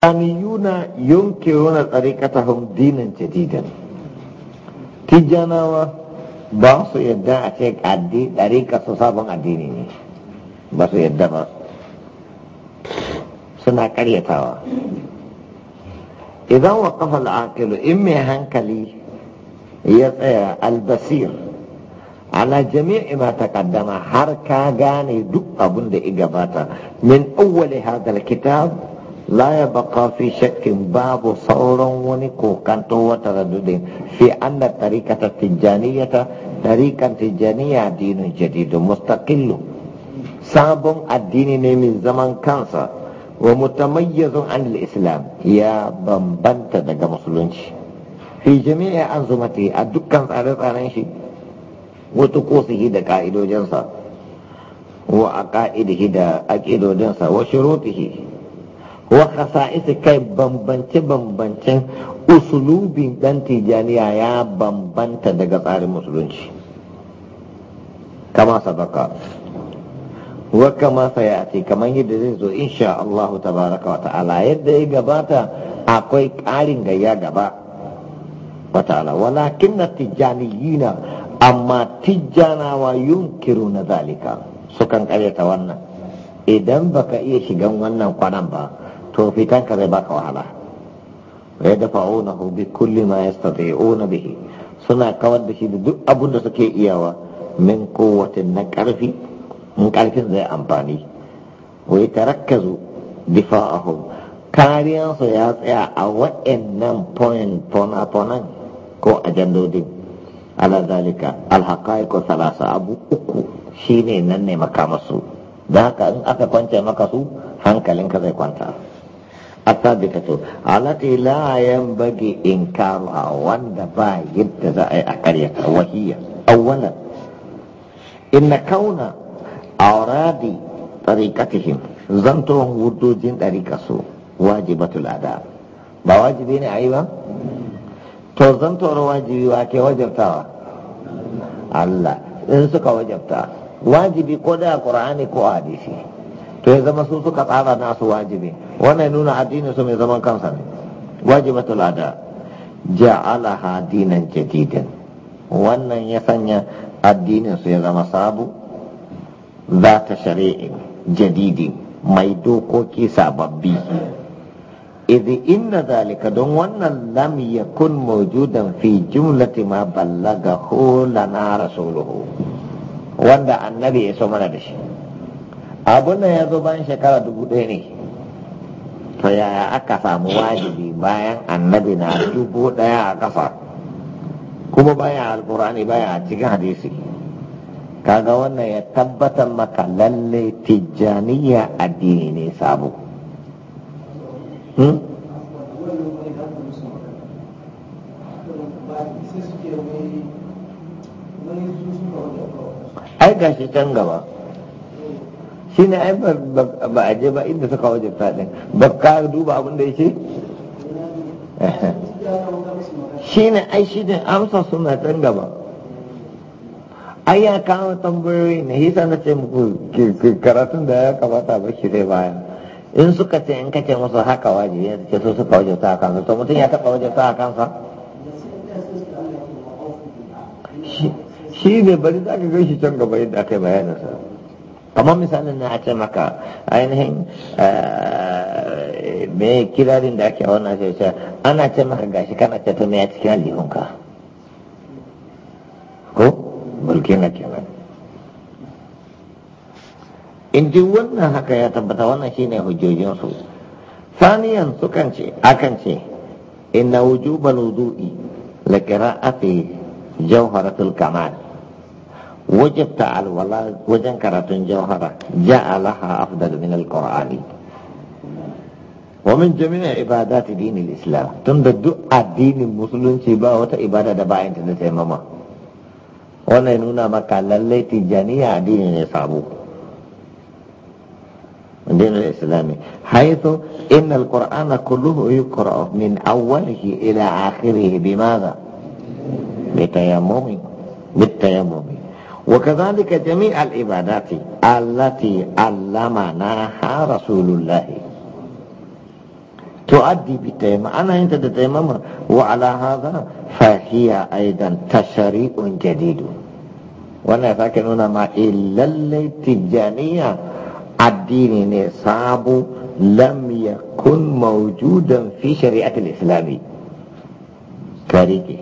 tsari kata hau dinin jadidan. Tijjanawa ba su yadda a ce addi ɗarika su sabon addini ne ba su yadda ba suna karyatawa. Idan wa kafa al'aqilu in mai hankali ya tsaya albasir ala jami'i ma takaddama har ka gane duk abinda da gabata min awwali hadal kitab la ya baqa fi shakkin babu sauran wani kokan towa ta radudin fi anna tariqata tijaniyata tariqan tijaniya dinu jadidu mustaqillu sabon addini ne mai zaman kansa wa mutamayyizun an islam ya bambanta daga musulunci fi jami'i anzumati a dukkan tsare-tsaren shi wata kosihi da ka'idojinsa wa a ka'idihi da a ka'idojinsa wa khasa'isi kai bambance-bambancen usulubin dan tijaniya ya bambanta daga tsarin musulunci kama sabaka wa kama sayati kamar yadda zai zo insha Allah tabaraka wa ta'ala yadda ya gabata akwai ƙarin gayya gaba wa ta'ala walakin na tijaniyina amma tijjanawa yunkiru na zalika sukan ƙaryata wannan idan baka iya shigan wannan kwanan ba to fitan ka zai baka wahala dafa! wa yadfa'unahu bi kulli ma yastati'una bihi suna kawar da shi da duk abin da suke iyawa min kowatin na karfi in karfin zai amfani wa tarakkazu difa'ahum kariyansu ya tsaya a wa'annan point fona-fonan ko ajandodin ala zalika alhaƙa'iƙo salasa abu uku shine nan ne makamarsu da haka in aka kwance maka su hankalinka zai kwanta atabitatu alati la yan bagi inkaru a wanda ba yadda za a yi a karya wahiyya inna kauna auradi tariqatihim zanto wudujin tariqa su wajibatul ada ba wajibi ne ayi ba to zanto wajibi wa ke wajibtawa Allah in suka wajabta. wajibi ko da ƙur'ani ko hadisi to ya zama su suka tsara nasu wajibi wannan ya nuna addinin su mai zaman kansa ne wajibatul lada ja'ala hadinan jadidan wannan ya sanya addinin su ya zama sabu za ta shari'in jadidi mai dokoki sababbi idi inna zalika don wannan lam yakun mawjudan fi jumlati ma ballagahu lana rasuluhu wanda annabi ya so mana da shi abun nan ya zo bayan shekara dubu ɗaya ne to yaya aka samu wajibi bayan annabi na dubu ɗaya a ƙasa kuma bayan alƙur'ani bayan a cikin hadisi kaga wannan ya tabbatar maka lalle tijjaniya addini ne sabo hmm? ai gashi can gaba shi ne ai ba a je ba inda suka wajen ɗin, ba ka duba abin da ya ce shi ne ai shi ne amsa suna can gaba ai ya kawo tambayoyi na hisa na ce muku karatun da ya kamata ba shi zai baya in suka ce in kace musu haka waje ya ce su suka waje ta kansa to mutum ya taɓa waje ta kansa shi ne bari za ka gan shi can gaba yadda aka yi sa kamar misalin na a ce maka ainihin mai kirarin da ake wannan ce ce ana ce maka gashi kana ce ta mai a cikin alihunka ko bulkina kenan in ji wannan haka ya tabbata wannan shine hujjojinsu saniyan kan ce akan ce inna wujubal wudu'i la qira'ati jawharatul kamal وجبت على الولد وجنكرة جوهرة جاء لها أفضل من القرآن ومن جميع عبادات دين الإسلام تند الدعاء دين المسلم سباة عبادة دباء انت ماما وانا انونا مكالا ليتي جانية دين نصابو دين الإسلام حيث إن القرآن كله يقرأ من أوله إلى آخره بماذا؟ بتيمم بالتيمم وكذلك جميع العبادات التي علمناها رسول الله تؤدي بالتيمم أنا أنت تتيمم وعلى هذا فهي أيضا تشريع جديد وانا فاكنون ما إلا التجانية الدين نصاب لم يكن موجودا في شريعة الإسلام كاريكي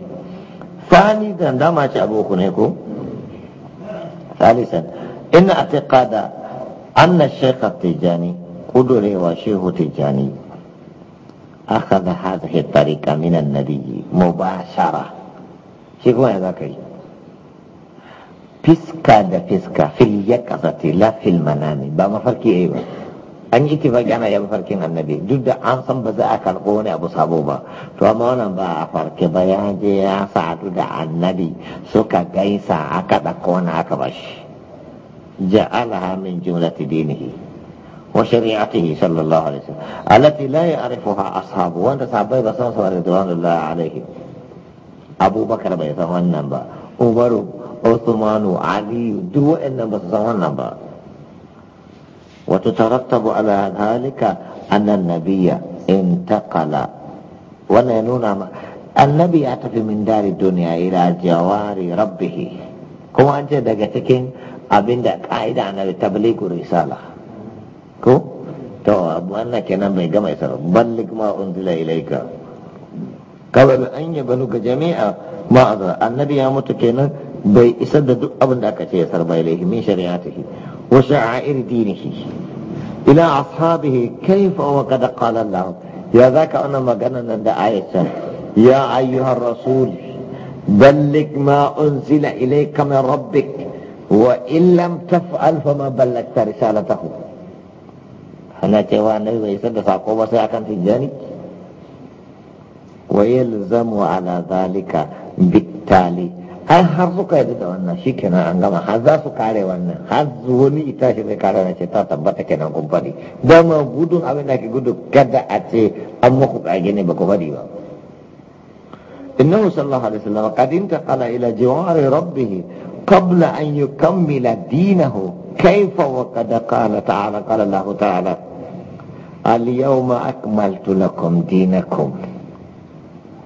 ثاني دندما شابوكم هيكم ثالثا إن اعتقاد أن الشيخ التجاني قدري وشيخ التجاني أخذ هذه الطريقة من النبي مباشرة شيخ ما كي فسكا دا فسكا في اليقظة لا في المنام بما فرقي أيوه an yi tifaki ana 'yan farkin annabi duk da an san ba za a karɓo wani abu sabo ba to amma wannan ba a farke ba ya je ya sadu da annabi suka gaisa aka ɗauko wani aka bashi ha min jumlati dinihi wa shari'atihi sallallahu alaihi wasallam allati la ya'rifuha ashabu wanda sabai ba san su radiyallahu alaihi abubakar bai san wannan ba umaru usmanu ali duk waɗannan ba su san wannan ba Wata tarakta bwa al'adar halika annan na biya in ta ya nuna ma annabi ya tafi min dari duniya iri a jawar rabbi. Kuma daga cikin abinda ka'idan an bi ta bali guri Sala. Ko to abu hannake nan gama isar ban likma a ungu la'ila ka. Kala mai jami'a ma'aza annabi ya mutu kenan bai isar da duk abinda aka ya sarba mun shari'a ta وشعائر دينه إلى أصحابه كيف وقد قال لهم يا ذاك أنا ما قلنا عند آية يا أيها الرسول بلغ ما أنزل إليك من ربك وإن لم تفعل فما بلغت رسالته أنا cewa النبي bai isar da sako ba sai akan tijjani wa har har suka yi da wannan shi kenan an gama har za su kare wannan har wani ita shi zai kare ce ta tabbata kenan kun faɗi dama gudun abin da ke gudu kada a ce an muku kage ne ba ku faɗi ba innahu sallallahu alaihi wasallam qad intaqala ila jiwari rabbih qabla an yukammila dinahu kayfa wa qad qala ta'ala qala Allah ta'ala al-yawma akmaltu lakum dinakum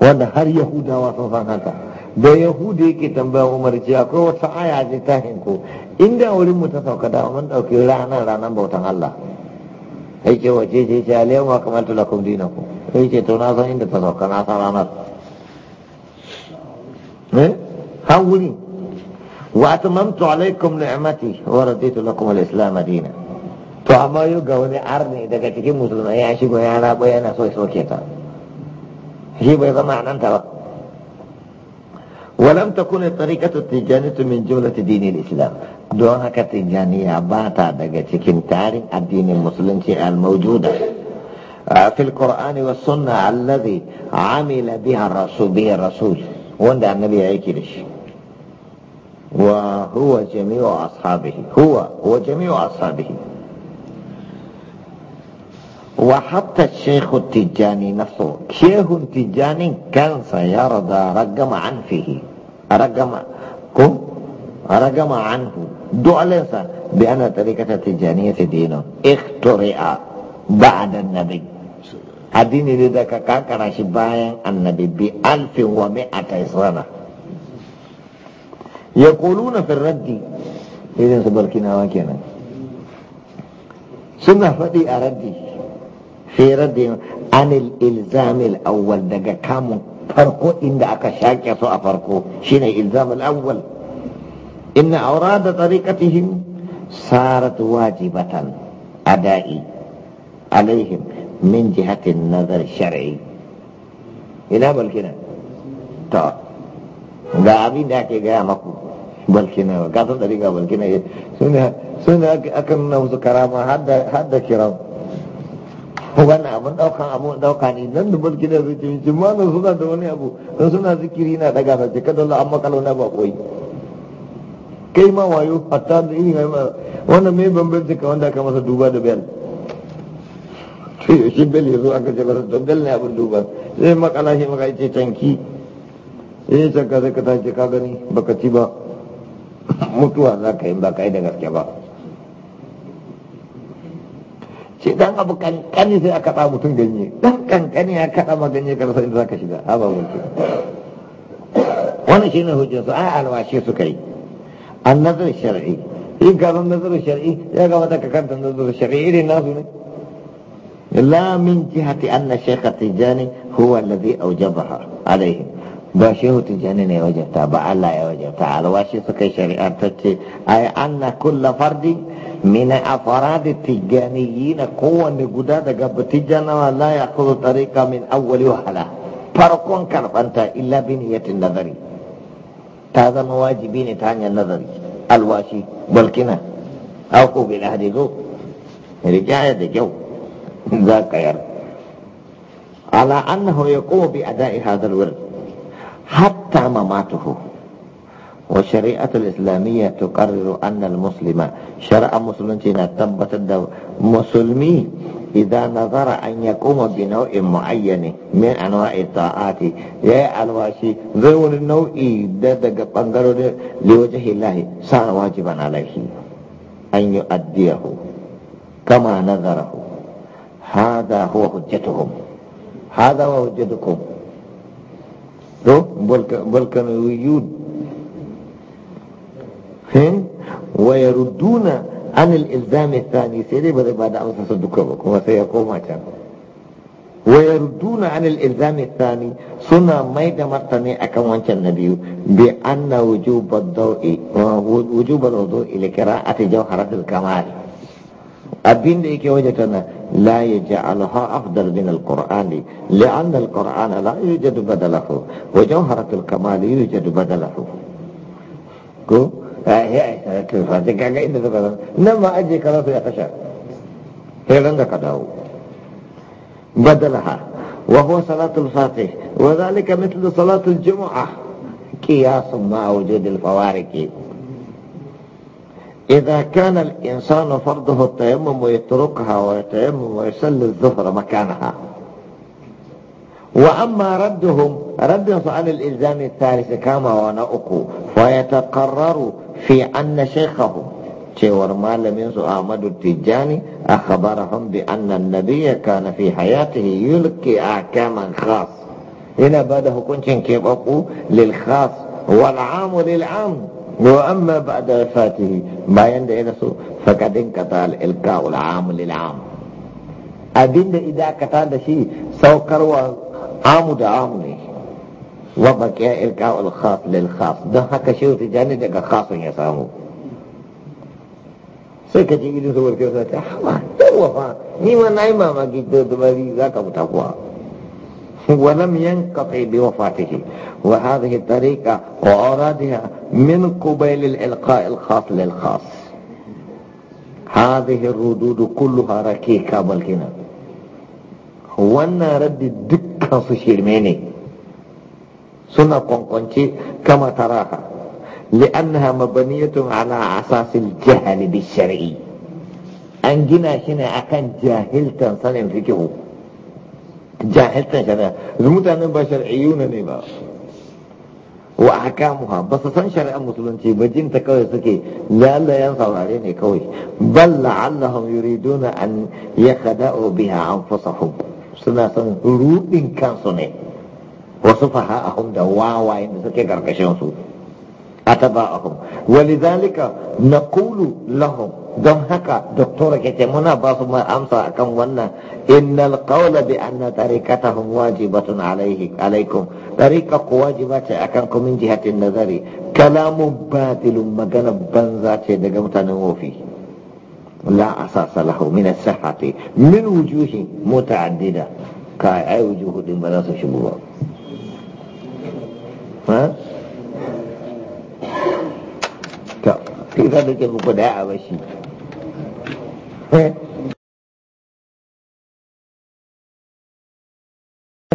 wanda har yahudawa sun san haka da yahudu yake tambaya umar ce akwai wata aya ce ta hinko inda wurin mu ta sauka da mun dauki ranar ranar bautan Allah yake wace ce ce alayhi wa kamantu lakum ku kai ce to na san inda ta sauka na san ranar eh wuri wa atamamtu alaikum ni'mati wa raditu lakum al-islam dinan to amma yau ga wani arni daga cikin musulmai ya shigo ya rabo yana so ya soke ta shi bai zama nan ta ba ولم تكن الطريقة التجانية من جملة دين الإسلام دونها كتجانية باتا دقة كنتار الدين المسلم الموجودة آه، في القرآن والسنة الذي عمل بها الرسول به الرسول وندع النبي عيكلش وهو جميع أصحابه هو وجميع أصحابه وحتى الشيخ التجاني نفسه شيخ التجاني كان سيرضى رقم عن فيه aragama ko aragama anhu dualesa bi ana tarikata tijaniya tidino ikhtori'a ba'da nabi hadin ne da kakakara shi bayan annabi bi alfin wa mi'ata israna yaquluna fi raddi idan su barkina wa kenan suna faɗi a raddi fi raddi an ilzamil awwal daga kamun farko inda aka shaƙe su a farko shine ilzamul awwal inna awrada tariqatihim sarat wajibatan ada'i alaihim min jihati nazar shar'i ina balkina to ga abin da ake gaya maku balkina ga sun dariƙa balkina suna suna akan nan su karama hadda hadda kiran wannan abun daukan abun dauka ne nan da bulki da su cin cin malam suna da wani abu dan suna zikiri na daga sa ce kada Allah amma kalau na ba koyi kai ma wayo hatta da ini ma wannan me bambanci ka wanda aka masa duba da bayan to shi bel yazo aka ce masa don ne abun duba sai makala shi maka ce tanki eh, sai ka sai ka tace ka gani baka ci ba mutuwa za ka yi ba ka yi da gaske ba shi dan abu kankani sai aka kaɗa mutum ganye dan kankani ya kaɗa ma ganye ka rasa inda ka shiga haba mutum wannan shi ne su ai alwashe su kai. an nazar shar'i in ka san nazar shar'i ya ga wata kakanta nazar shar'i irin nasu ne la min jihati anna shaykha tijani huwa alladhi awjabaha alayhi ba shehu tijani ne wajabta ba Allah ya wajabta alwashi su kai shari'ar ta ce ai anna kullu fardin من أفراد التجانيين قوة نقودة قبل تجانا لا يأخذ طريقة من أول وهلة فرقون كربانتا إلا بنية النظري هذا مواجبين تاني النظري الواشي والكنة أو قوب الأهد جو رجاء جو ذاك ير على أنه يقوم بأداء هذا الورد حتى مماته ما والشريعة الإسلامية تقرر أن المسلم شرع مسلم تنا تبت الدو مسلمي إذا نظر أن يقوم بنوع معين من أنواع الطاعات يا الواشي ذو النوع ددق بنغرور لوجه الله صار واجبا عليه أن يؤديه كما نظره هذا هو حجتهم هذا هو حجتكم كانوا ويود wa yarudduna an al-ilzam sai dai ba zai bada amsa duka ba kuma sai ya koma can wa yarudduna an al-ilzam suna mai da martani akan wancan na biyu bi anna wujub ad-daw'i wujub ad-daw'i li qira'ati jawharat al-kamal abinda yake wajata na لا يجعلها أفضل من القرآن لأن القرآن لا يوجد بدله وجوهرة الكمال يوجد بدله نما أجي كلاس يا خشر هلن ذا قدعو بدلها وهو صلاة الفاتح وذلك مثل صلاة الجمعة قياس مع وجود الفوارق إذا كان الإنسان فرضه التيمم ويتركها ويتيمم ويصلي الظهر مكانها وأما ردهم ردهم عن الإلزام الثالث كما ونأكو ويتقرر fi anna shaykhahu cewar malamin su Ahmadu Tijjani akhbarahum bi anna an-nabiyya kana fi hayatihi yulqi ahkaman khas yana bada hukuncin kebaku lil khas wal 'am lil 'am wa amma ba'da wafatihi bayan da ya rasu faqad inqata al-ilqa wal 'am lil 'am abinda idan kata da shi saukarwa amu da amu ne وبقي إلقاء الخاص للخاص ده هكا شو تجاني ده خاص يسامو sai سيكا جي gidan سوى kai sai hawa yawa fa ni ma nayi mamaki دو dabari zaka mutu kuwa ولم ينقطع بوفاته وهذه الطريقة وأرادها من قبيل الإلقاء الخاص للخاص هذه الردود كلها ركيكة بالكنا وانا رد الدكة في شرميني sunna kongkonci kama taraha li'annaha mabaniyatun ala asasil jahali bisyari'i an gina shi ne akan jahiltan sanin fikihu jahiltan ba shari'iyuna ba wa ahkamuha ba su san shari'ar musulunci ba jinta kawai suke lalayen saurare ne kawai bal la'allahum yuriduna an yakhda'u biha anfusahum suna son rudin kansu ne wasu faha'ahum da wawayen da suke karkashin su a ataba'ahum na kulu lahum don haka doktora ce muna ba su amsa akan wannan innal qawla bi anna tariqatahum wajibatun alayhi alaykum ku wajiba ce akan kan kumin jihatin nazari kalamun batilun magana banza ce daga mutanen wofi la asasa lahu min as-sihhati min wujuhi muta'addida kai ai wujuhu din ba za su shigo ba ha to sai ka duke muku da a bashi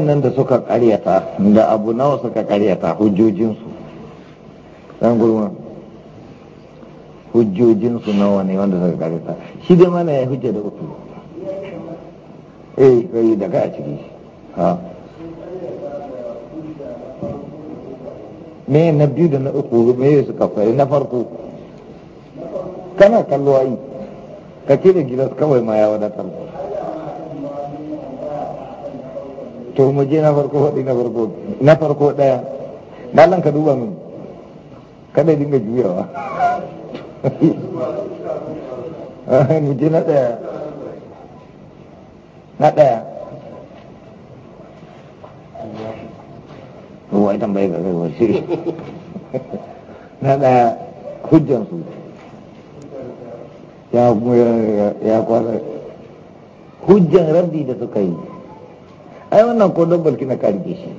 nan da suka karyata da abu nawa suka karyata hujjojinsu ɗan gurman hujjojinsu nawa ne wanda suka karyata shi da mana ya hujja da uku eh kai daga a ciki ha me na biyu da na uku me suka fari na farko kana kallo ai ka da gilas kawai ma ya wadatar to mu je na farko faɗi na farko na farko daya mallan ka duba min kada dinga juyawa ah, mu je na daya. na daya. wai tambaye ga kai shi na da hujjan su ya ya kwara hujjan rabbi da suka yi ai wannan ko don balki na karge shi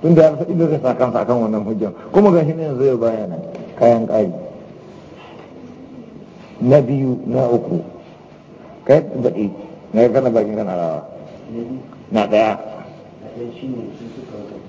tun da ya fi ido ka sakan sakan wannan hujjan kuma ga shi ne yanzu ya bayana kayan kari na biyu na uku kai baɗi na kana bakin kana rawa na ɗaya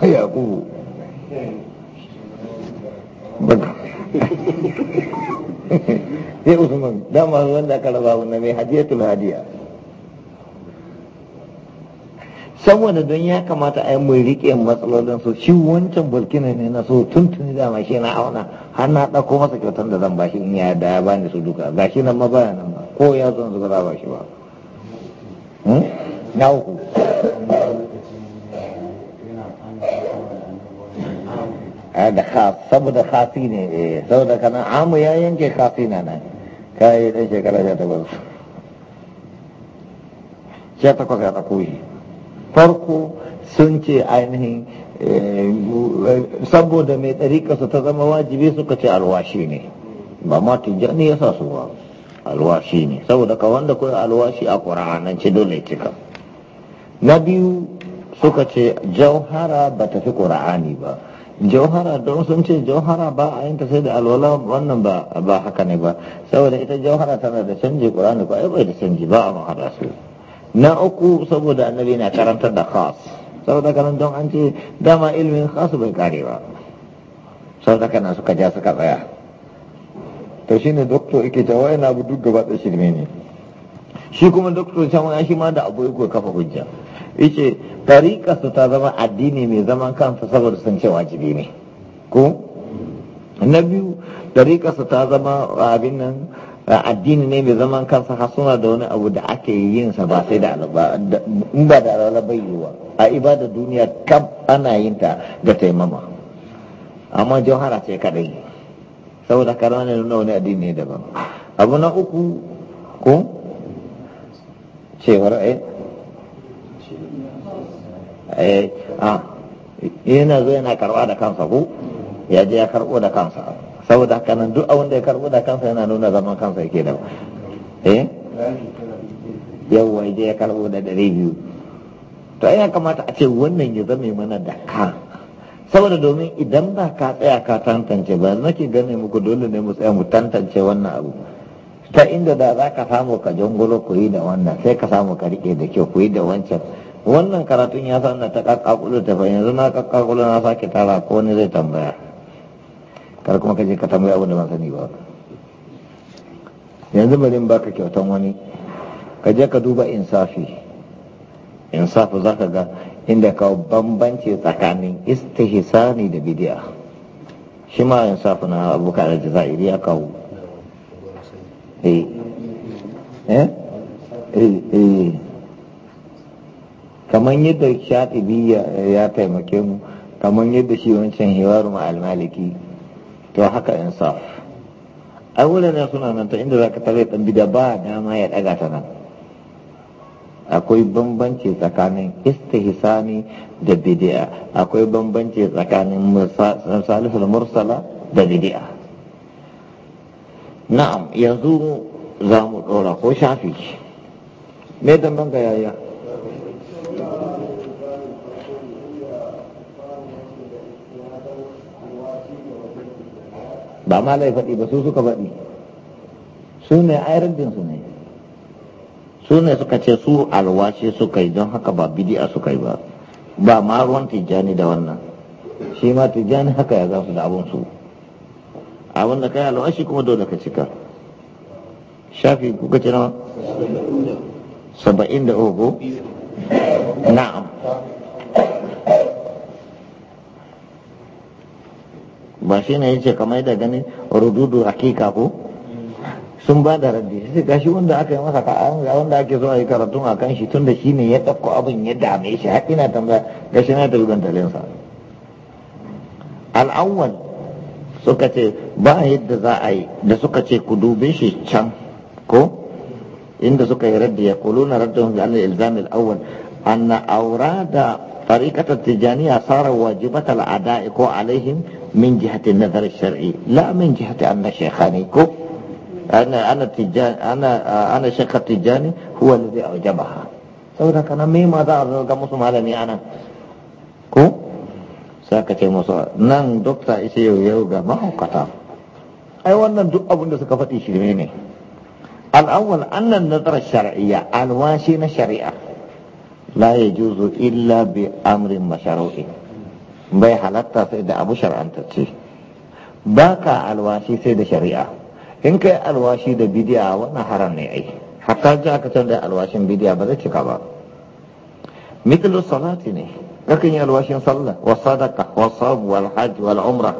yaƙubu baka usman dama da aka raba mai hadiya saboda don ya kamata a yi mai riƙe matsalolin su shi wancan burkina ne na so tuntuni da mashi na auna har na ɗauko masa kyautar da zan ba shi in ya da ya bani su duka ga shi nan ma baya nan ba ko ya zan zuba ba shi ba hmm? na uku da khaf saboda khafi ne eh saboda kana amu ya yanke khafi na nan kai dan shekara ta ya ta takwas ya koyi. farko sun ce ainihin saboda mai su ta zama wajibi suka ce alwashi ne ba ma ne ya sa su ba alwashi ne saboda ka wanda kawai alwashi a ce dole cika na biyu suka ce jauhara ba ta fi ƙura'ani ba jauhara don sun ce jauhara ba a yanta sai da alwala wannan ba ba haka ne ba saboda ita jauhara tana da canji qur'ani ba da canji ba a mahara su na uku saboda annabi na karantar da khas saboda kanan don an ce dama ilimin khas bai kare ba saboda kana suka ja suka tsaya to ne doctor yake ta wai na duk gaba da shirme ne shi kuma doktor can wani shi ma da abu yake kafa hujja yace tariƙarsu ta zama addini mai zaman kansa saboda sun ce wajibi ne ko na biyu tariƙarsu ta zama abin nan addini ne mai zaman kansa har suna da wani abu da ake yin sa ba sai da in ba da alwala bai yiwuwa a ibada duniya kam ana yin ta da taimama amma jauhara ce kadai saboda karama ne nuna wani addini ne daban abu na uku ko cewar eh Eh, ah, yana zo yana karba da kansa ko ya je ya karbo da kansa saboda haka nan duk wanda ya karbo da kansa yana nuna zaman kansa yake da eh yawa ya je ya karbo da ɗari biyu to ya kamata a ce wannan ya zame mana da ka saboda domin idan ba ka tsaya ka tantance ba nake gane muku dole ne mu tsaya mu tantance wannan abu ta inda da za ka samu ka jangulo ku yi da wannan sai ka samu ka rike da kyau ku yi da wancan wannan karatun ya sa ta kakakulu ta fahimta zama kakakulu na sake tara ko wani zai tambaya kar kuma kaje ka tambaya abin da ban sani ba yanzu bari baka kyautan wani ka je ka duba insafi insafi za ka ga inda kawo bambanci tsakanin istihsani da bidiya shi ma insafi na abubakar al-jazairi ya kawo eh eh eh, eh. kamar yadda biyu ya taimake mu kamar yadda shi wancan ma almaliki to haka insaf a ne suna nan ta inda za ka tare ɗan bida ba dama ya ɗaga ta nan akwai bambanci tsakanin istihisani da bidi'a akwai bambanci tsakanin salisul mursala da bidi'a na'am yanzu za mu ɗora ko shafi me dan banga yaya ba ma lai faɗi ba su suka faɗi su ne din su ne su ne suka ce su alwashi suka yi don haka ba bidi'a suka yi ba ba ma ruwan tijjani da wannan shi ma tijjani haka ya za su da abun su abin da kai alwashi kuma dole ka cika shafi kuka ce nawa saba'in da uku na'am ba shi ne yace kamar da gani rududu hakika ko sun ba da raddi sai gashi wanda aka yi masa ka'an ga wanda ake so a yi karatun a kan shi tun da shi ne ya ɗauko abin ya dame shi har na tambaya gashi na tafi gantalinsa al'awwal suka ce ba yadda za a yi da suka ce ku dube shi can ko inda suka yi raddi ya raddi raddin bi annal ilzam al na aura da tariqata tijaniya sara wajibata al-ada'i ko alaihim من جهة النظر الشرعي لا من جهة أن شيخاني كوب أنا أنا تجان أنا أنا شيخ التجاني هو الذي أوجبها saboda kana me ma za a ga musu malami anan. nan ko sai musu nan dokta isa yau yau ga mahaukata ai wannan duk abin da suka faɗi shirme ne al'awwal annan nazar shar'iyya alwashi na shari'a la yajuzu illa bi amrin masharu'i bai halatta sai da abu shar'antacce ba ka alwashi sai da shari'a in kai alwashi da bidiya wannan haram ne ai hatta ji aka canza alwashin bidiya ba zai cika ba mitlu salati ne kakan yi alwashin sallah wa sadaqa wa sabu wal hajj wal umra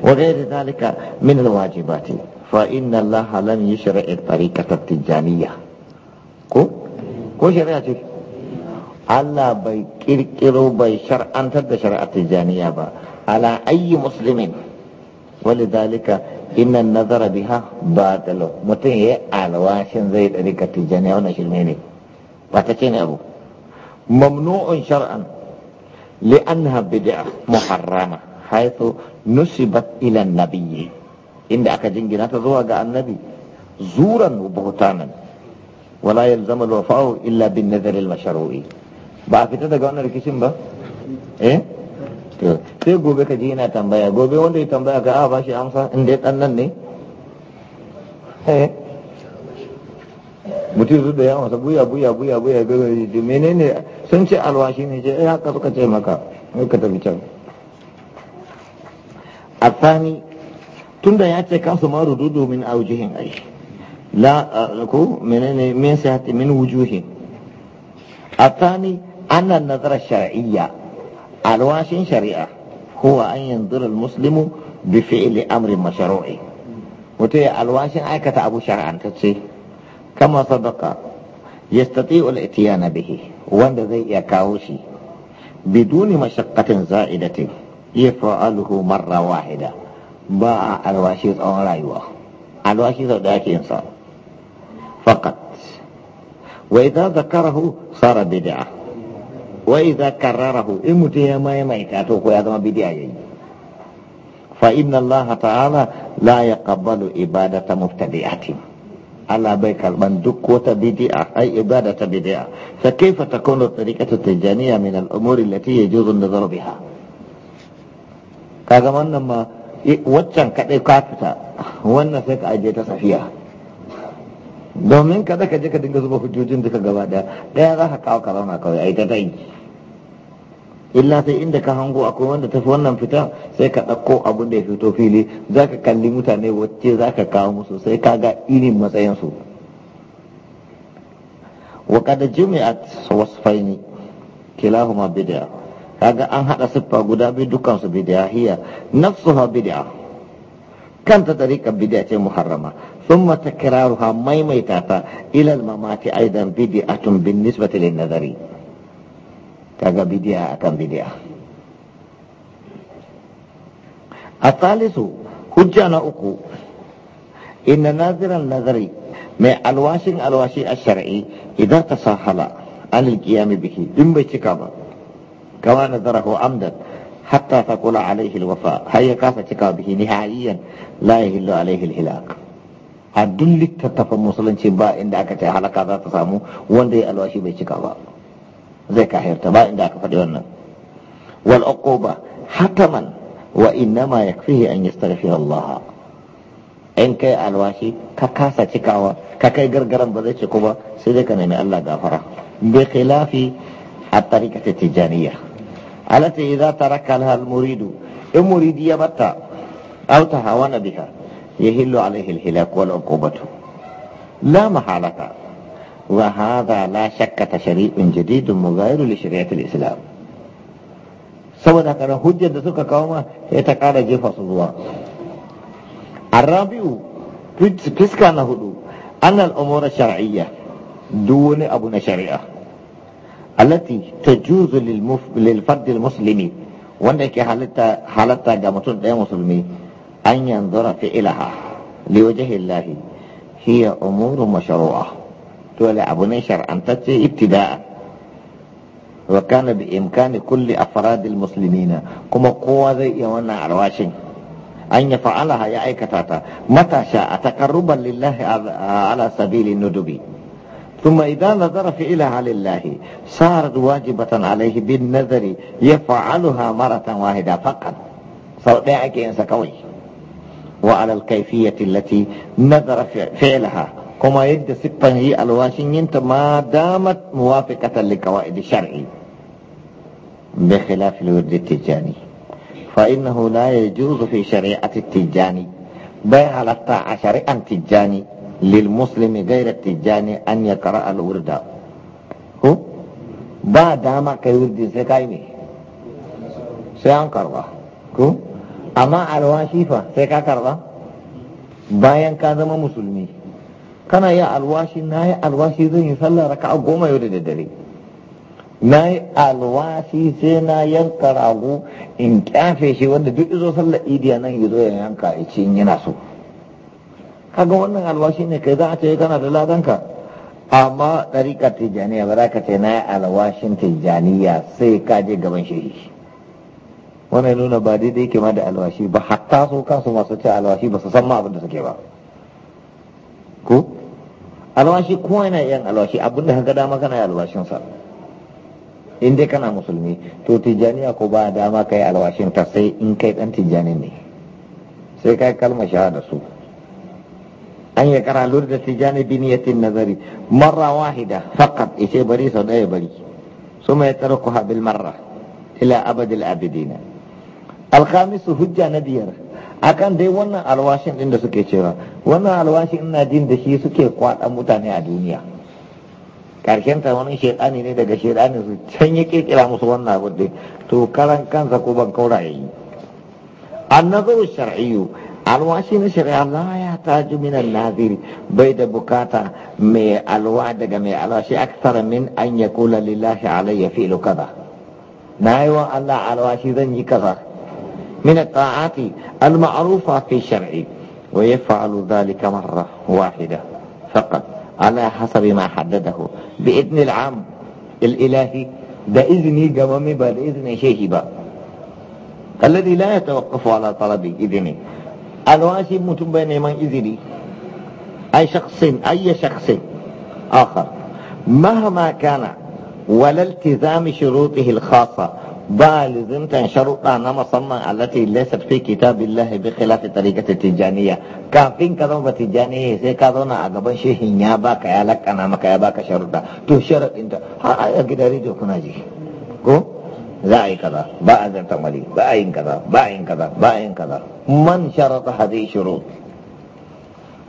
wa ghairi dhalika min al wajibati fa inna allaha lam yushri' tariqata tijaniyya ko ko shari'a ce Allah bai kirkiro bai shar'antar da shari'ar janiya ba ala ayyi muslimin wani dalika innan nazara biha ba talo mutum ya yi alwashin zai ɗarika tijjaniya wannan shirme ne ba ta ce ne abu mamnu'un shar'an li'anha bid'a muharrama haythu nusibat ila nabiyyi inda aka jingina ta zuwa ga annabi zuran wa buhtanan wala yalzamu al-wafa'u illa bin nazar al-mashru'i ba a fita daga wannan rikicin ba eh sai gobe ka ji yana tambaya gobe wanda ya tambaya ga a bashi amsa inda ya dan nan ne eh. mutum zuwa da yawon sa buya buya buya buya buya da menene sun ce alwashi ne ce eh, ya haka suka ce maka ka tafi can a tsani tunda ya ce kansu ma domin min aujihin ai la ko menene min sihati min wujuhin a tsani أن النظرة الشرعية الواش شريعة هو أن ينظر المسلم بفعل أمر مشروع وتي الواش أيكة أبو شرعا تتسي كما سبق يستطيع الاتيان به وان زي يكاوشي بدون مشقة زائدة يفعله مرة واحدة باع الواشي أو رايوه الواشي ذاك إنسان فقط وإذا ذكره صار بدعة wa idza karrarahu in mutum ya maimaita to ko ya zama bid'a yayi fa inna Allah ta'ala la yaqbalu ibadata mubtadi'atin Allah bai karban duk wata bidia ai ibadata bid'a fa kaifa takunu tariqatu tijaniyya min al-umuri allati yajuzu an-nazaru biha kaga wannan ma waccan kadai ka fita wannan sai ka ajiye ta safiya domin kada ka je ka dinga zuba hujjojin duka gaba daya daya za ka kawo ka zauna kawai ai ta ta yi illa sai inda ka hango akwai wanda ta fi wannan fita sai ka ɗauko abin da ya fito fili za ka kalli mutane wacce za ka kawo musu sai ka ga irin matsayinsu wa kada jumi'at wasfaini kilahuma bid'a kaga an haɗa siffa guda biyu dukkan su bid'a hiya nafsuha bid'a kanta tariqa bid'a ce muharrama ثم تكرارها ميميتاتا إلى الممات أيضا بدعة بالنسبة للنظر كذا بدعة كم بدعة الثالث حجنا أكو إن ناظر النظر من ألواش الألواش الشرعي إذا تساهل عن القيام به إن بيتكابا كما نظره عمدا حتى تقول عليه الوفاء هيا كافة به نهائيا لا يهل عليه الهلاك a duk littattafan musulunci ba inda aka ce halaka za ta samu wanda ya alwashi bai cika ba zai kahirta ba inda aka faɗi wannan wal uquba hataman wa innama yakfihi an yastaghfira Allah in kai alwashi ka kasa cikawa ka kai gargaran ba zai ciku ba sai dai ka nemi Allah gafara bi khilafi at tariqati at-tijaniyya allati idza taraka al-muridu in muridi ya bata aw tahawana biha يهل عليه الهلاك والعقوبة لا محالة وهذا لا شك تشريع جديد مغاير لشريعة الإسلام saboda haka hujja da suka kawo ma sai ta kara jefa su zuwa arrabi'u fiska na hudu annal umura shar'iyya duk wani abu na shari'a Alati tajuzu lil fard wanda ke halatta ga mutum ɗaya musulmi أن ينظر فعلها لوجه الله هي أمور مشروعة تولى أبو نشر أن تتي ابتداء وكان بإمكان كل أفراد المسلمين كما قوة ذي يوانا عرواشن أن يفعلها يا أيكتاتا متى شاء تقربا لله على سبيل الندب ثم إذا نظر فعلها لله صارت واجبة عليه بالنذر يفعلها مرة واحدة فقط سواء أكي إنسا كوي وعلى الكيفية التي نذر فعلها كما يد سبا هي الواشنين ما دامت موافقة لقواعد الشرع بخلاف الورد التجاني فإنه لا يجوز في شريعة التجاني بيع على شريعة تجاني للمسلم غير التجاني أن يقرأ الورد هو بعد ما كيورد سكايمي سيانكر ko amma alwashi fa sai ka karba bayan ka zama musulmi kana yi alwashi na yi alwashi zan yi sallah a goma yau da daddare na yi alwashi sai na yanka rago in kyafe shi wanda duk izo sallar idiya nan ya zo ya yanka ya ce yana so kaga wannan alwashi ne kai za a ce kana da ladanka amma ɗariƙar tijjaniya ba za ka ce na yi alwashin tijjaniya sai ka je gaban shehi wannan nuna ba daidai yake ma da alwashi ba hatta su kansu masu cewa alwashi ba su san ma abin da suke ba ko alwashi kuma yana yin alwashi abin da ka dama kana alwashinsa in dai kana musulmi to tijjaniya ko ba dama kai alwashin ta sai in kai dan tijjani ne sai kai kalmar shahada su an yi kara lura da tijjani bi niyatin nazari marra wahida faqat ishe bari sau daya bari suma ya tarkuha bil marra ila abadil abidina alkhamisu hujja na biyar akan dai wannan alwashin din da suke cewa wannan alwashin ina jin da shi suke kwada mutane a duniya karshen ta wani shedani ne daga shedani su can ya kirkira musu wannan abu to karan kansa ko ban kaura yayi annazaru shar'iyyu alwashi na shari'a la ya taju min al bai da bukata mai alwa daga mai alwashi aksar min an yakula lillahi alayya fi'lu kaza na yi wa Allah alwashi zan yi kaza من الطاعات المعروفة في شرعه ويفعل ذلك مرة واحدة فقط على حسب ما حدده بإذن العام الإلهي بإذن جمامي بإذن شيهبا الذي لا يتوقف على طلب إذنه الواجب متبين من إذني أي شخص أي شخص آخر مهما كان ولا التزام شروطه الخاصة ba lizimtan sharuɗa na musamman allati laysat fi kitabillahi bi khilafi tariqati tijaniya kafin ka zama tijaniya sai ka zauna a gaban shehin ya baka ya lakana maka ya baka sharuɗa to sharuɗin ta har a gidan rediyo kuna ji ko za a yi kaza ba a zartan mali ba a yi kaza ba a yi kaza ba a yi kaza man sharaɗa hadi shuru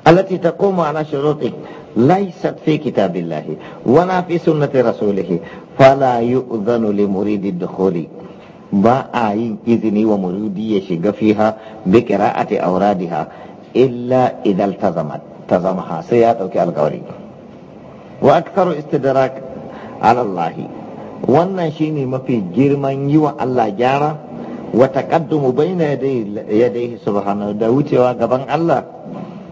allati taqumu ala shurutik ليست في كتاب الله ولا في سنة رسوله فلا يؤذن لمريد الدخول باعين إذني ومريدي يشق فيها بقراءة أورادها إلا إذا التزمت تزمها سيئات أو كالقوري وأكثر استدراك على الله wannan shine mafi girman yi wa Allah gyara wa taqaddumu bayna yadayhi subhanahu da wucewa gaban Allah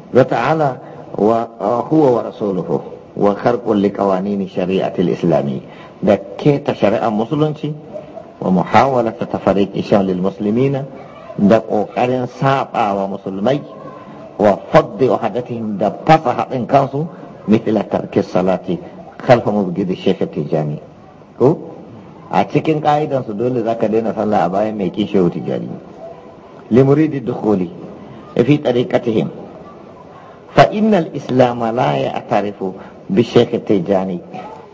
wa ta'ala وهو ورسوله وخرق لقوانين الشريعة الإسلامية دكيت شريعة مسلمتي ومحاولة تفريق شمل المسلمين دقوا قرن سابع ومسلمي وفض أحدتهم دفتح إن كانوا مثل ترك الصلاة خلف مسجد الشيخ التجاني هو a cikin ka'idansu dole za ka daina sallah a bayan mai kishe wuta jari limuridi dukkoli fi tsariƙatihim فإن الإسلام لا يعترف بالشيخ التجاني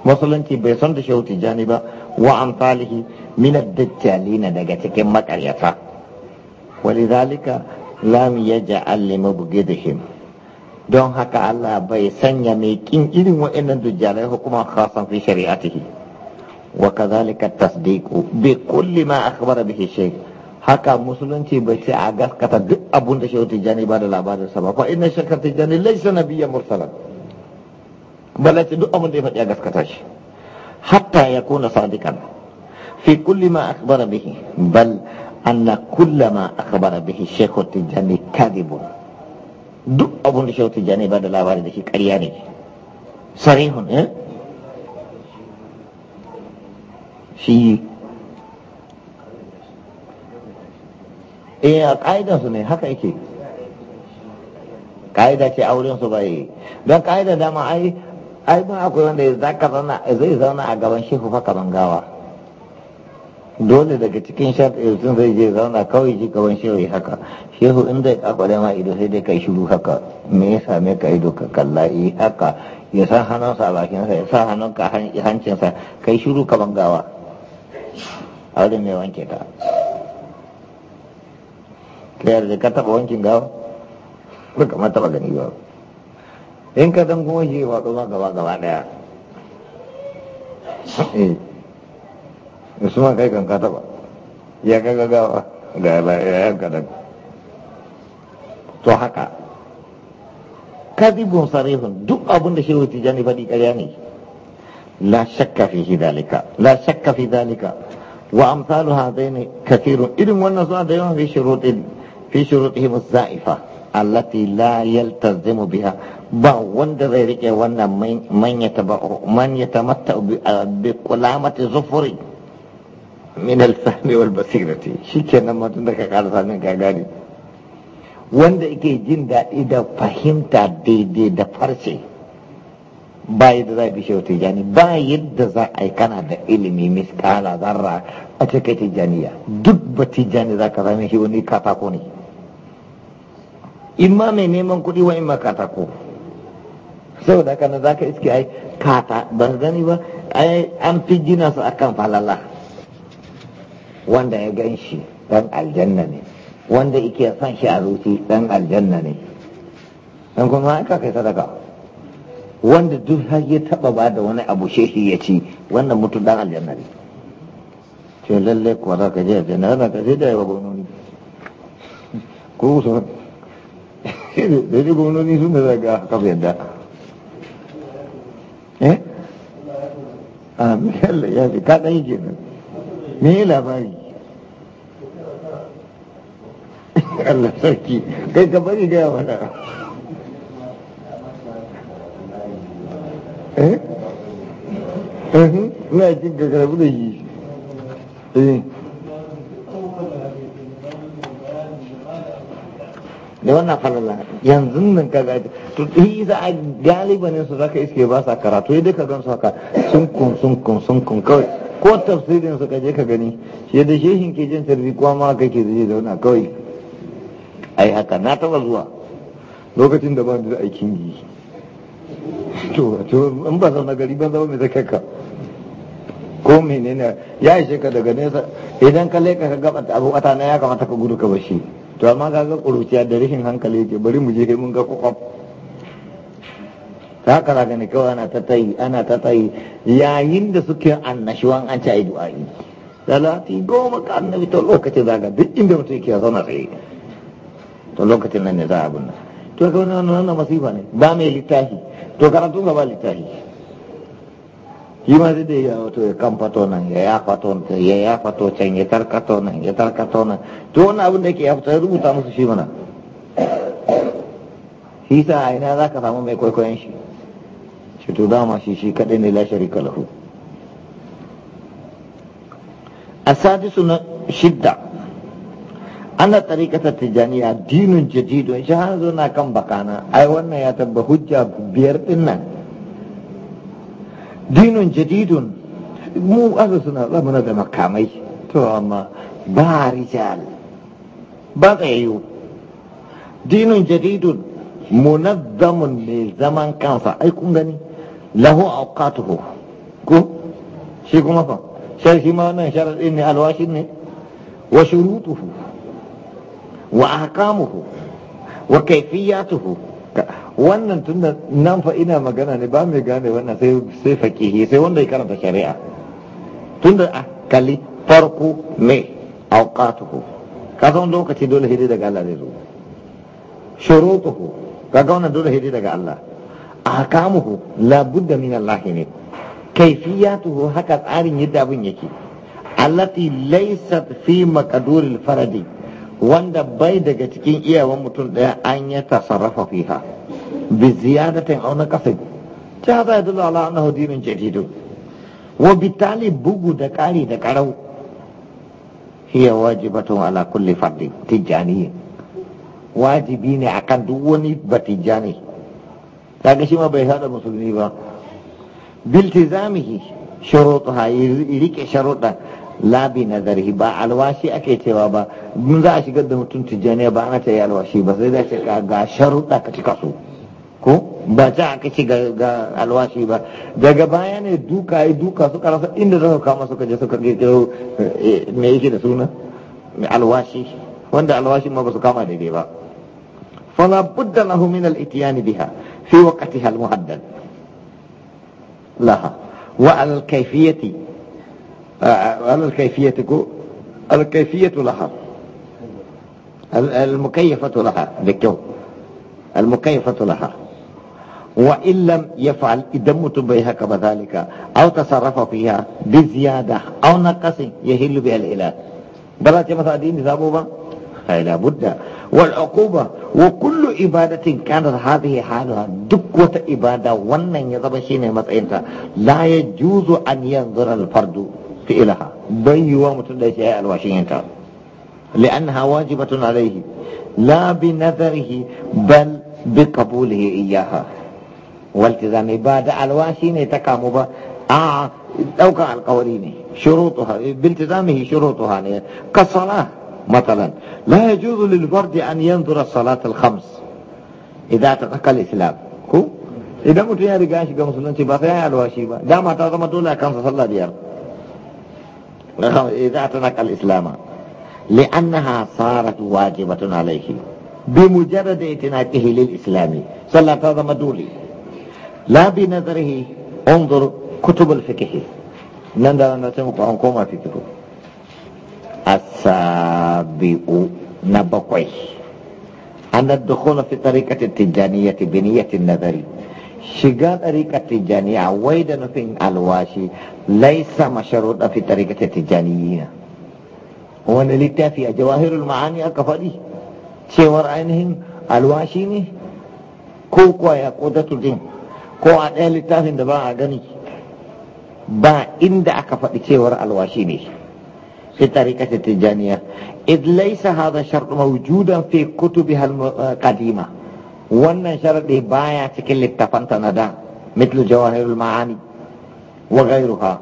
musulunci bai san da shehu tijjani ba wa an falihi min ad-dajjalina daga cikin makaryata walidhalika lam yaj'al li mubghidihim don haka Allah bai sanya mai kin irin waɗannan dajjalai hukuma khasan fi shari'atihi wa kadhalika tasdiqu bi kulli ma akhbara bihi shaykh haka musulunci bai ce a gaskata duk abun da shehu tijjani ba da labarin sa ba fa inna shakka tijjani laysa nabiyyan mursalan bala duk abun da ya faɗi a gaskata shi hatta ya kuna sadikan fi kulli ma akhbara bihi bal anna kulla ma akhbara bihi shehu tijjani kadibun duk abun da shehu tijjani ba da labarin da shi ƙarya ne sarihun eh shi eh a ƙa'idan su ne haka yake ƙa'ida ce auren su bai don ƙa'ida dama ai ai ba akwai wanda zai zauna a gaban shehu fa kaman gawa dole daga cikin sun zai je zauna kawai ji gaban shehu ya haka shehu in zai kakwale ma ido sai dai kai shiru haka me ya same ka ido ka kalla yi eh, haka ya san hannunsa a bakinsa ya sa hannunka hancinsa kai shiru kaman gawa aure mai wanke ta. Ka da ka taba wankin gawa ba kamar taba gani ba in ka dan kuma shi wato ma gaba gaba daya su ma kai kan ka taba ya ga gawa da ya ya ka dan to haka kadibun sarihun duk abin da shehu tijani faɗi ƙarya ne la shakka fi dalika la shakka fi dalika wa amsalu hadaini kathirun irin wannan suna da yawan fi shuruɗin fi shurutihim za'ifa allati la yaltazimu biha ba wanda zai rike wannan man ya man ya tamatta bi qulamati zufuri min al-fahmi wal basirati shikenan ma tun da ka kada min ka wanda yake jin daɗi da fahimta daidai da farce ba yadda za a fi shi jani. ba yadda za a yi kana da ilimi miskala zarra a cikin tijjaniya duk ba tijjani za ka zama shi wani katako ne in ma mai neman kuɗi wa in ma katako saboda haka na zaka iske ai kata ban gani ba ai an fi gina su akan falala wanda ya gan shi dan aljanna ne wanda yake son shi a zuci dan aljanna ne dan kuma haka kai sadaka wanda duk har ya taba ba da wani abu shehi ya ci wannan mutum dan aljanna ne ce lalle kuwa za ka je aljanna za ka je da yawa gononi ko su da ji gwamnoni sun da zaga kafa yadda eh a misalla ya fi kaɗan yi kenan me yi labari Allah sarki kai ka bari gaya mana eh eh ina jin ka karbi da shi eh da wannan falala yanzu nan ka gaji to yi za a ne su zaka iske ba sa karatu yadda ka gan su haka sun kun sun kun sun kun kawai ko tafsirin su ka je ka gani shi da shehin ke jin tarbi kuma ma ke zai zauna kawai ai haka na taba zuwa lokacin da ba da aikin yi to to in ba zauna gari ban zama mai ka. ko menene ya ishe ka daga nesa idan ka leka ka gaba abu na ya kamata ka gudu ka bashi to amma ga ga kuruciya da rashin hankali yake bari mu je mun ga kwakwaf ta kara za gani kawai ana ta tayi ana ta tayi yayin da suke annashuwan an ci a yi du'a'i salati goma ka annabi to lokacin zaga duk inda mutum yake zauna tsaye to lokacin nan ne za a abin to ga wannan wannan masifa ne ba mai littafi to karatu ga ba littafi ima de de ya to kampa to nang ya pa to ya ya pa to chen yetar ka to nang yetar ka to nang to da ke ki afta rubuta musu shi mana shi sa aina za ka samu mai kwaikwayon shi shi to dama shi shi kadai ne la sharika lahu asadisu suna shidda ana tariƙata tijaniya dinin jadidu shi hana zo na kan bakana ai wannan ya tabba hujja biyar din dinun jadidun mu azu suna zamana da makamai to amma ba rijal ba tsayayyu dinun jadidun munazzamun mai zaman kansa ai kun gani lahu auqatuhu ko shi kuma fa Sai shi ma wannan sharadin ne alwashin ne wa shurutuhu wa ahkamuhu wa kayfiyatuhu wannan tun da nan fa ina magana ne ba mai gane wannan sai sai fakihi sai wanda ya karanta shari'a tunda a kali farko mai auqatuhu ka wani lokaci dole hidi daga Allah zai zo shurutuhu ga wannan dole hidi daga Allah ahkamuhu la budda min Allah ne kaifiyatuhu haka tsarin yadda abin yake allati laysat fi maqduril faradi wanda bai daga cikin iyawan mutum daya an ya tasarrafa fiha بزيادة أو نقص هذا يدل على أنه دين جديد وبالتالي بوغو دكاري دكارو هي واجبة على كل فرد تجاني واجبين أكن دوني بتجاني kaga shi ma bai hada musulmi ba biltizamihi shurutuha rike sharuɗa labi nazarihi ba alwashi ake cewa ba in za a shigar da mutum tijjaniya ba ana ta yi alwashi ba sai da ce ga sharuɗa ka cika su ko ba ta aka ce ga alwashi ba daga baya ne duka yi duka suka rasa inda zaka kama suka je suka kirkiro eh, me yake da suna alwashi wanda alwashi ma ba su kama daidai ba fala budda lahu min al-itiyani biha fi waqtiha al-muhaddad laha wa al-kayfiyati al-kayfiyati ko al-kayfiyatu laha المكيفة لها بالجو المكيفة لها wa illam fa'al idan mutum bai haka ba zalika aw sarrafa fiha bi ziyada Auna naqasin yahillu bi al ba za ce masa addini zabo ba ai la budda wal uquba wa kullu ibadatin kana hadhihi halaha duk wata ibada wannan ya zama shine matsayinta la yajuzu an yanzura al-fardu fi ilaha bai yiwa mutum da shi alwashin yanta لأنها واجبة عليه لا بنذره بل بقبوله إياها والتزامي بعد الواشي تكامبا آه kamu ba شروطها ɗauka شروطها ne مثلا لا يجوز للفرد أن ينظر الصلاة الخمس إذا تقى الإسلام كو إذا قلت يا رجاش قام مسلمتي بقى الواشي با دام تعظم دولا كان صلى ديار إذا ترك الإسلام لأنها صارت واجبة عليه بمجرد اعتناقه للإسلام صلى تعظم دولي la bi nazarihi unzur kutubul fiqh nan da nan sai mu koma fiqh asabi'u na bakwai an dakhula fi tariqati tijaniyyati bi niyyati nazari shiga tariqati tijaniya wai da nufin alwashi laisa masharuda fi tariqati tijaniyya wani littafi a jawahirul ma'ani aka faɗi cewar ainihin alwashi ne ko kwaya ko din ko a ɗaya littafin da ba a gani ba inda aka faɗi cewar alwashi ne fi tarika ta tijaniya id laisa hada sharɗu mawjudan fi kutubi hal qadima wannan sharaɗi baya cikin littafanta na da mithlu jawahirul ma'ani wa ghayruha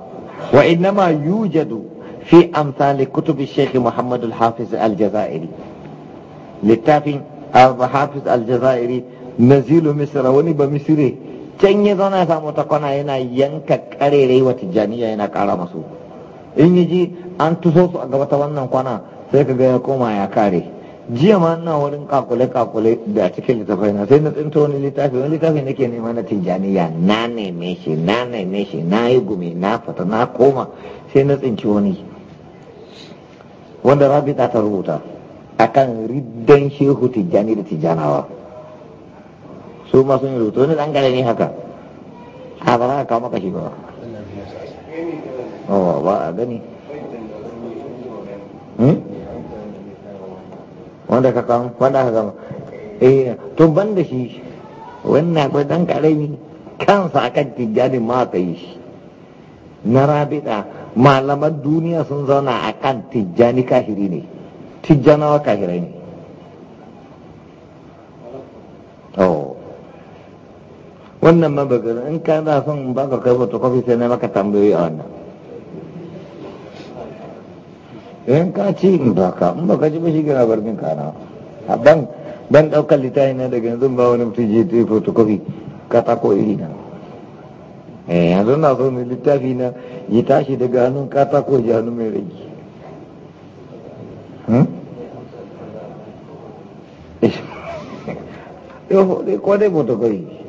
wa innama yujadu fi amsal kutubi shaykh muhammad al hafiz al jazairi littafin al hafiz al jazairi نزيل مصر وني بمصري can ya zauna ya samu ta kwana yana yanka karerai wa tijjaniya yana kara masu in yi ji an tuso su a gaba ta wannan kwana sai ka ga ya koma ya kare jiya ma ina wurin kakule kakule da cikin littafai na sai na tsinta wani littafi wani littafi nake nema na tijjaniya na neme shi na neme shi na yi gumi na fata na koma sai na tsinci wani wanda rabita ta rubuta akan riddan shehu tijjani da tijjanawa su ma sun yi rubutu wani dan ne haka a ba za ka kawo maka shi ba ba a gani wanda ka kawo wanda ka kawo eh to ban da shi wannan akwai dan ne? kansa akan tijjani ma ta yi shi na rabita malaman duniya sun zauna akan tijjani kashiri ne tijjanawa kashirai ne wannan ma bagari in ka na son ba ka kai wata fotokofi sai na maka tambayoyi a wannan in ka ci in ba ka in ba ka ci ba shi gina barmin kana a ban ban daukar littafi na daga yanzu ba wani mutum jiye je ta yi fotokofi ko iri na eh yanzu na so mai littafi na yi tashi daga hannun ko ji hannun mai rage hmm? eh. ko dai kofi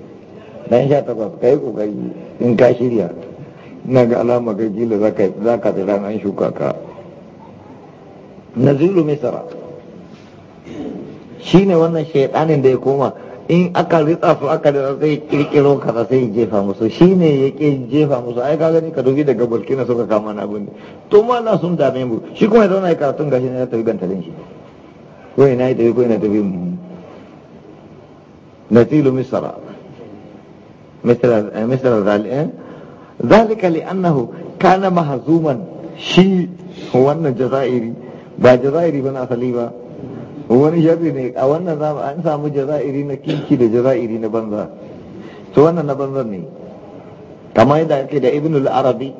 dan ya takwas ka yi ƙoƙari in ka shirya ina ga alama ga gila za ka tsira an shuka ka nazilu misra shine wannan shaytanin da ya koma in aka ritsa su aka da zai kirkiro kaza sai jefa musu shi ne ya ke jefa musu ai ka gani ka dubi daga burkina suka kama na gundi to mala sun dame mu shi kuma ya zauna ya karatun gashi na ya tafi din shi ko ina ya tafi ko ina tafi nasilu misra مثل مثل ذلك ذلك لانه كان مهزوما شي هو ابن جزائري با جزائري بن اصليبا هو ني يبي ني ا wannan za an samu jazairi na kiki da jazairi na banza to wannan na banza ne kamar da yake da ibn al arabi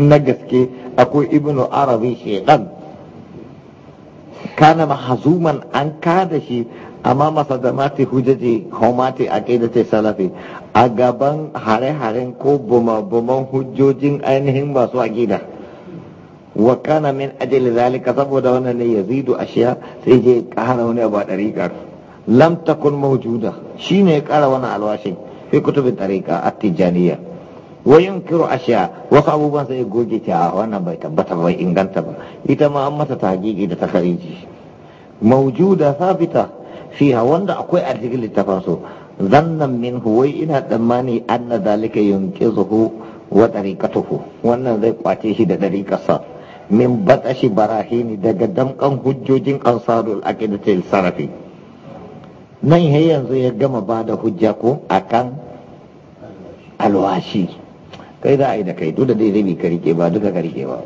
na gaske akwai Ibnu al arabi shi kan kana mahzuman an kada shi amma fadamati hujjaji homati aqidati salafi a gaban hare-haren ko bumabuman hujjojin ainihin masu aqida wa kana min ajli zalika saboda wannan ne yazidu ashiya sai je kara wani abu a dariƙa lam takun mawjuda shine ya kara wani alwashin fi kutubin tariqa at-tijaniyya wa yunkiru ashiya wasu abubuwan sai goge ta ah, wannan bai tabbatar bai inganta ba ita ma an mata tagigi da takariji mawjuda sabita fiha wanda akwai a cikin littafin su zannan min huwai ina tsammani an na zalika zuhu wa tariqatuhu wannan zai kwace shi da kasa min batashi barahini daga damkan hujjojin ansarul aqidatil sarafi nan he yanzu ya gama ba da hujja ko akan alwashi kai za a yi da kai duk da dai zai ka rike ba duka ka rike ba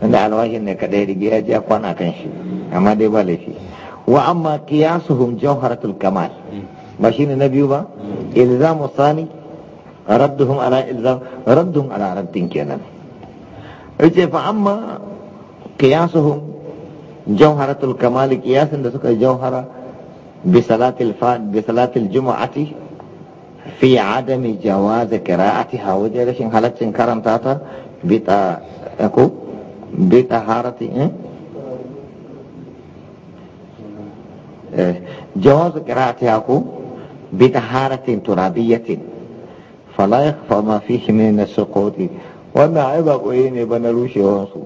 wanda alwashin ne kadai rige ya ja kwana kan shi amma dai ba laifi wa amma qiyasuhum jawharatul kamal ba shine na biyu ba hmm. ilzamu sani radduhum ala ilzam radduhum ala raddin kenan yace fa amma qiyasuhum jawharatul kamal qiyasin da suka jawhara bi salatil fad bi salatil jumu'ati fi adami jawaz qira'atiha wajen rashin halaccin karanta ta bi ta eh, ko bi taharati eh جواز قراءتها بطهارة ترابية فلا يخفى ما فيه من السقوط وما عبق إيني بنروش وانسو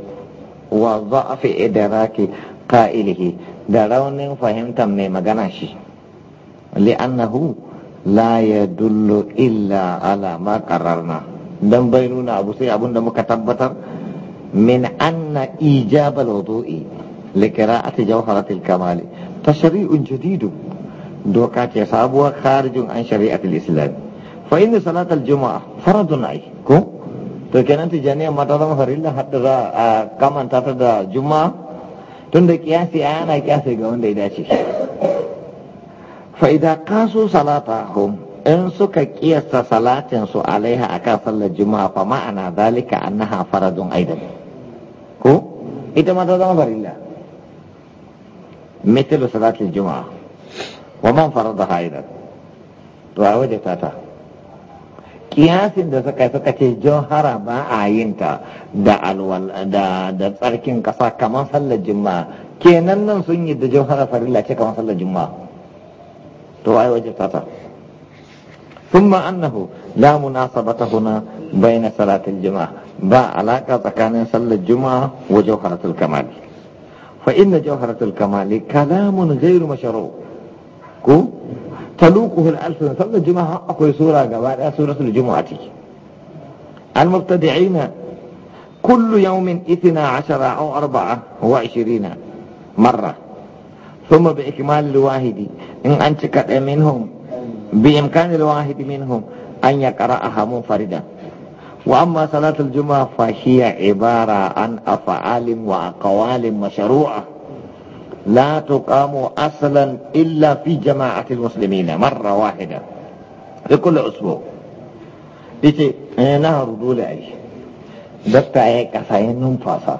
وضعف إدراك قائله درون فهمت من مغناشي لأنه لا يدل إلا على ما قررنا دم بينونا أبو سي أبو دم كتبتر من أن إيجاب الوضوء لقراءة جوهرة الكمال ce sabuwar تشريع جديد دوكات يصابها خارج عن شريعة الإسلام فإن صلاة الجمعة فرض ko? to kenan tijaniya ma ta zama farilla hatta za a kamanta ta da juma'a ah, tun da kiyasi a yana kiyasi ga wanda ya dace fa'ida kasu salata Ko in suka kiyasta salatin su alaiha akan sallar juma'a fa ma'ana zalika annaha faradun aidan ko ita ma ta zama farilla مثل صلاة الجمعة ومن فرضها أيضا وأوجه تاتا kiyasin da suka suka ce jauhara ba a yin ta da alwal da da tsarkin kasa kamar sallar juma'a kenan nan sun yi da jauhara farilla ce kamar sallar juma'a to ai waje tata ثم أنه لا مناسبة هنا بين صلاة الجمعة با علاقة كان صلى الجمعة وجوهرة الكمال فإن جوهرة الكمال كلام غير مشروع كو تلوكه الألسن صلى الجمعة أقوي سورة قبال سورة الجمعة المبتدعين كل يوم اثنا عشر أو أربعة وعشرين مرة ثم بإكمال الواحد إن أنت منهم بإمكان الواحد منهم أن يقرأها منفردا وأما صلاة الجمعة فهي عبارة عن أفعال وأقوال مشروعة لا تقام أصلا إلا في جماعة المسلمين مرة واحدة في كل أسبوع يتي نهر دولة أي دكتا أيك أساين ننفاسا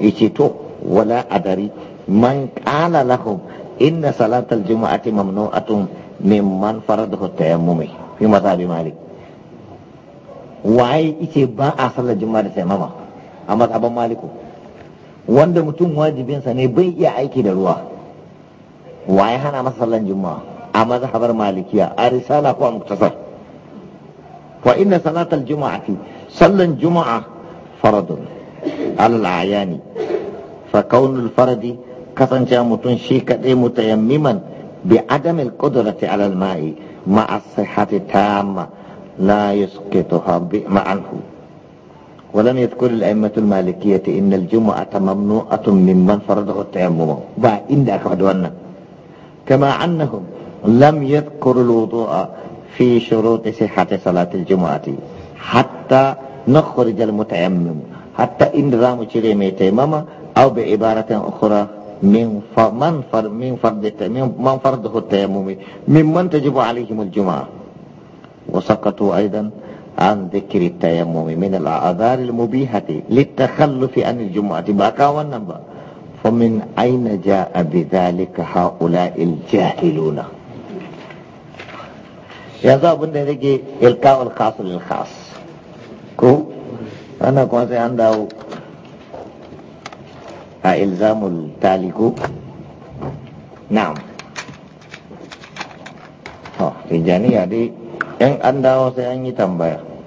يتي تو ولا أدري من قال لهم إن صلاة الجمعة ممنوعة ممن فرضه التيمم في مذهب مالك waye ice ba a sallar juma'a da taimama a matsaban maliku wanda mutum wajibinsa ne bai iya aiki da ruwa waye hana masa sallar juma'a a mazhabar malikiya a risala ko a muktasar fa inna salatal juma'ati sallan juma'a faradun alal ayani fa kaunul faradi kasance mutum shi kadai mutayammiman bi adamil qudrati alal ma'i ma'a sihhati tamma لا يسقطها عنه ولم يذكر الأئمة المالكية إن الجمعة ممنوعة ممن فرضه التيمم وإن إن أكفدونا كما أنهم لم يذكروا الوضوء في شروط صحة صلاة الجمعة حتى نخرج المتيمم حتى إن رام شريمي تيمم أو بعبارة أخرى من من فرض من فرضه التيمم ممن تجب عليهم الجمعه وسقطوا أيضا عن ذكر التيمم من الأعذار المبيهة للتخلف عن الجمعة بقى والنبا فمن أين جاء بذلك هؤلاء الجاهلون يا يذهب لديك إلقاء الخاص للخاص كو أنا كنت عنده إلزام التالي كو نعم ها إجاني هذه in an dawo sai an yi tambaya